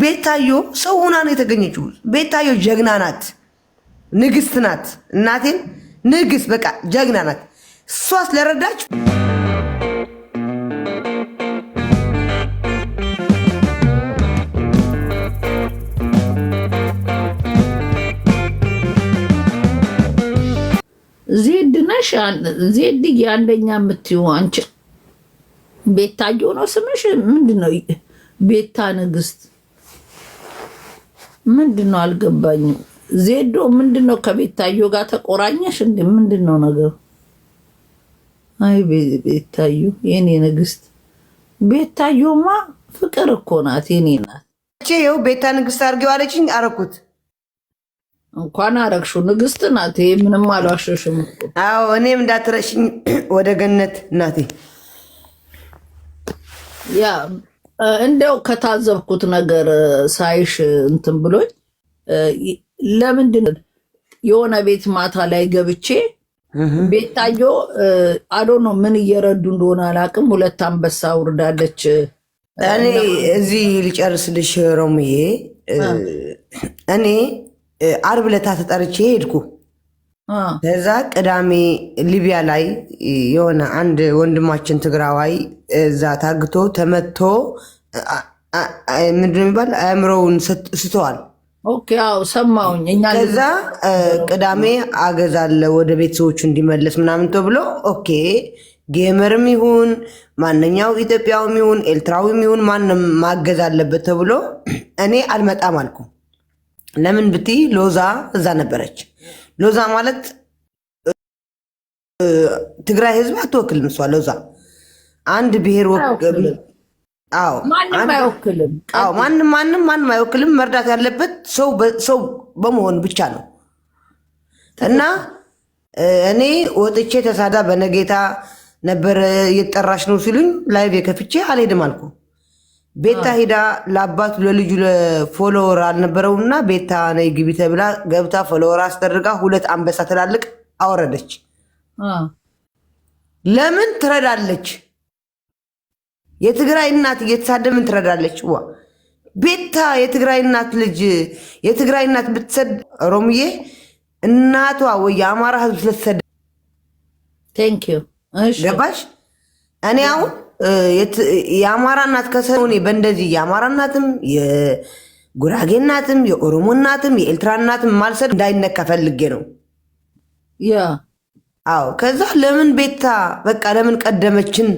ቤታዮ ሰው ሆና ነው የተገኘችው። ቤታዮ ጀግና ናት፣ ንግስት ናት። እናቴን ንግስት በቃ ጀግና ናት። እሷስ ለረዳች ዜድነሽ ዜድ የአንደኛ የምትይው አንቺ ቤታዮ ነው ስምሽ ምንድን ነው? ቤታ ንግስት ምንድን ነው አልገባኝም። ዜዶ ምንድን ነው ከቤታዮ ጋር ተቆራኘሽ እንዴ? ምንድን ነው ነገሩ? አይ ቤታዮ የኔ ንግስት፣ ቤታዮማ ፍቅር እኮ ናት፣ የኔ ናት። ቼው ቤታ ንግስት አድርጌው አለችኝ፣ አረኩት። እንኳን አረግሹ ንግስት ናት። ይሄ ምንም አልዋሸሽም። አዎ እኔም እንዳትረሽኝ ወደ ገነት እናቴ ያ እንደው ከታዘብኩት ነገር ሳይሽ እንትን ብሎኝ ለምንድን የሆነ ቤት ማታ ላይ ገብቼ ቤት ታየ አዶ ነው ምን እየረዱ እንደሆነ አላውቅም። ሁለት አንበሳ ውርዳለች። እኔ እዚህ ልጨርስልሽ ሮምዬ፣ እኔ አርብ ለታ ተጠርቼ ሄድኩ። ከዛ ቅዳሜ ሊቢያ ላይ የሆነ አንድ ወንድማችን ትግራዋይ እዛ ታግቶ ተመቶ ምንድን የሚባል አእምሮውን ስተዋል። ሰማሁኝ። ከዛ ቅዳሜ አገዛለ ወደ ቤተሰቦቹ እንዲመለስ ምናምን ተብሎ ኦኬ፣ ጌመርም ይሁን ማንኛው ኢትዮጵያውም ይሁን ኤርትራዊም ይሁን ማንም ማገዝ አለበት ተብሎ እኔ አልመጣም አልኩ። ለምን ብቲ ሎዛ እዛ ነበረች። ሎዛ ማለት ትግራይ ህዝብ አትወክልም። እሷ ሎዛ አንድ ብሔር አዎ ማንም ማንም ማንም አይወክልም። መርዳት ያለበት ሰው በመሆን ብቻ ነው። እና እኔ ወጥቼ ተሳዳ በነጌታ ነበር እየጠራሽ ነው ሲሉኝ ላይቭ የከፍቼ አልሄድም አልኩ። ቤታ ሂዳ ለአባቱ ለልጁ ለፎሎወር አልነበረውና ቤታ ነይ ግቢ ተብላ ገብታ ፎሎወር አስደርጋ ሁለት አንበሳ ትላልቅ አወረደች። ለምን ትረዳለች? የትግራይ እናት እየተሳደ ምን ትረዳለች? ዋ ቤታ የትግራይ እናት ልጅ የትግራይ እናት ብትሰድ ሮሙዬ እናቷ ወይ የአማራ ህዝብ ስለተሰደ ገባሽ? እኔ አሁን የአማራ እናት ከሰሆኔ በእንደዚህ የአማራ እናትም የጉራጌ እናትም የኦሮሞ እናትም የኤልትራ እናትም ማልሰድ እንዳይነካ ፈልጌ ነው። አዎ ከዛ ለምን ቤታ በቃ ለምን ቀደመችን?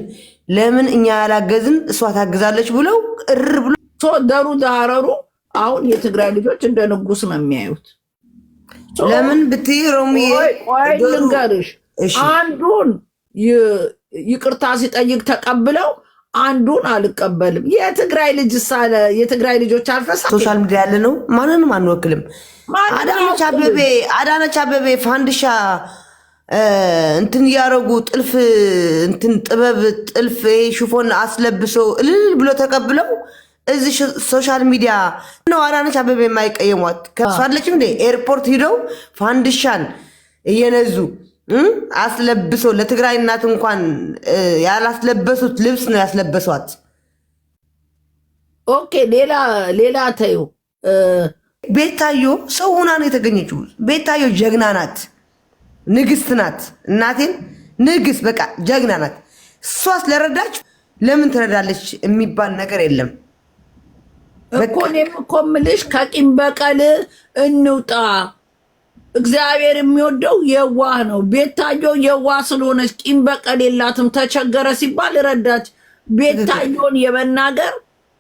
ለምን እኛ ያላገዝን እሷ ታግዛለች ብለው እር ብሎ ሶደሩ ዳረሩ። አሁን የትግራይ ልጆች እንደ ንጉስ ነው የሚያዩት። ለምን ብትይ ሮሚ ልንገርሽ አንዱን ይቅርታ ሲጠይቅ ተቀብለው አንዱን አልቀበልም። የትግራይ ልጅ ሳለ የትግራይ ልጆች አልፈሳ ሶሻል ሚዲያ ያለ ነው። ማንንም አንወክልም። አዳነች አበቤ አዳነች አበቤ ፋንድሻ እንትን እያደረጉ ጥልፍ እንትን ጥበብ ጥልፍ ሽፎን አስለብሶ እልል ብሎ ተቀብለው እዚህ ሶሻል ሚዲያ ነው አዳነች አበቤ የማይቀየሟት ከሷለችም። ኤርፖርት ሂደው ፋንድሻን እየነዙ አስለብሰው ለትግራይ እናት እንኳን ያላስለበሱት ልብስ ነው ያስለበሷት። ኦኬ፣ ሌላ ሌላ ተዩ ቤታዮ ሰው ሆና ነው የተገኘችው። ቤታዮ ጀግና ናት፣ ንግስት ናት፣ እናቴን ንግስት በቃ ጀግና ናት። እሷስ ስለረዳች ለምን ትረዳለች የሚባል ነገር የለም እኮ። እኔም እኮ የምልሽ ከቂም በቀል እንውጣ እግዚአብሔር የሚወደው የዋህ ነው። ቤታዮ የዋህ ስለሆነች ቂም በቀል የላትም። ተቸገረ ሲባል ረዳች። ቤታዮን የመናገር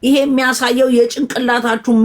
ይሄ የሚያሳየው የጭንቅላታችሁ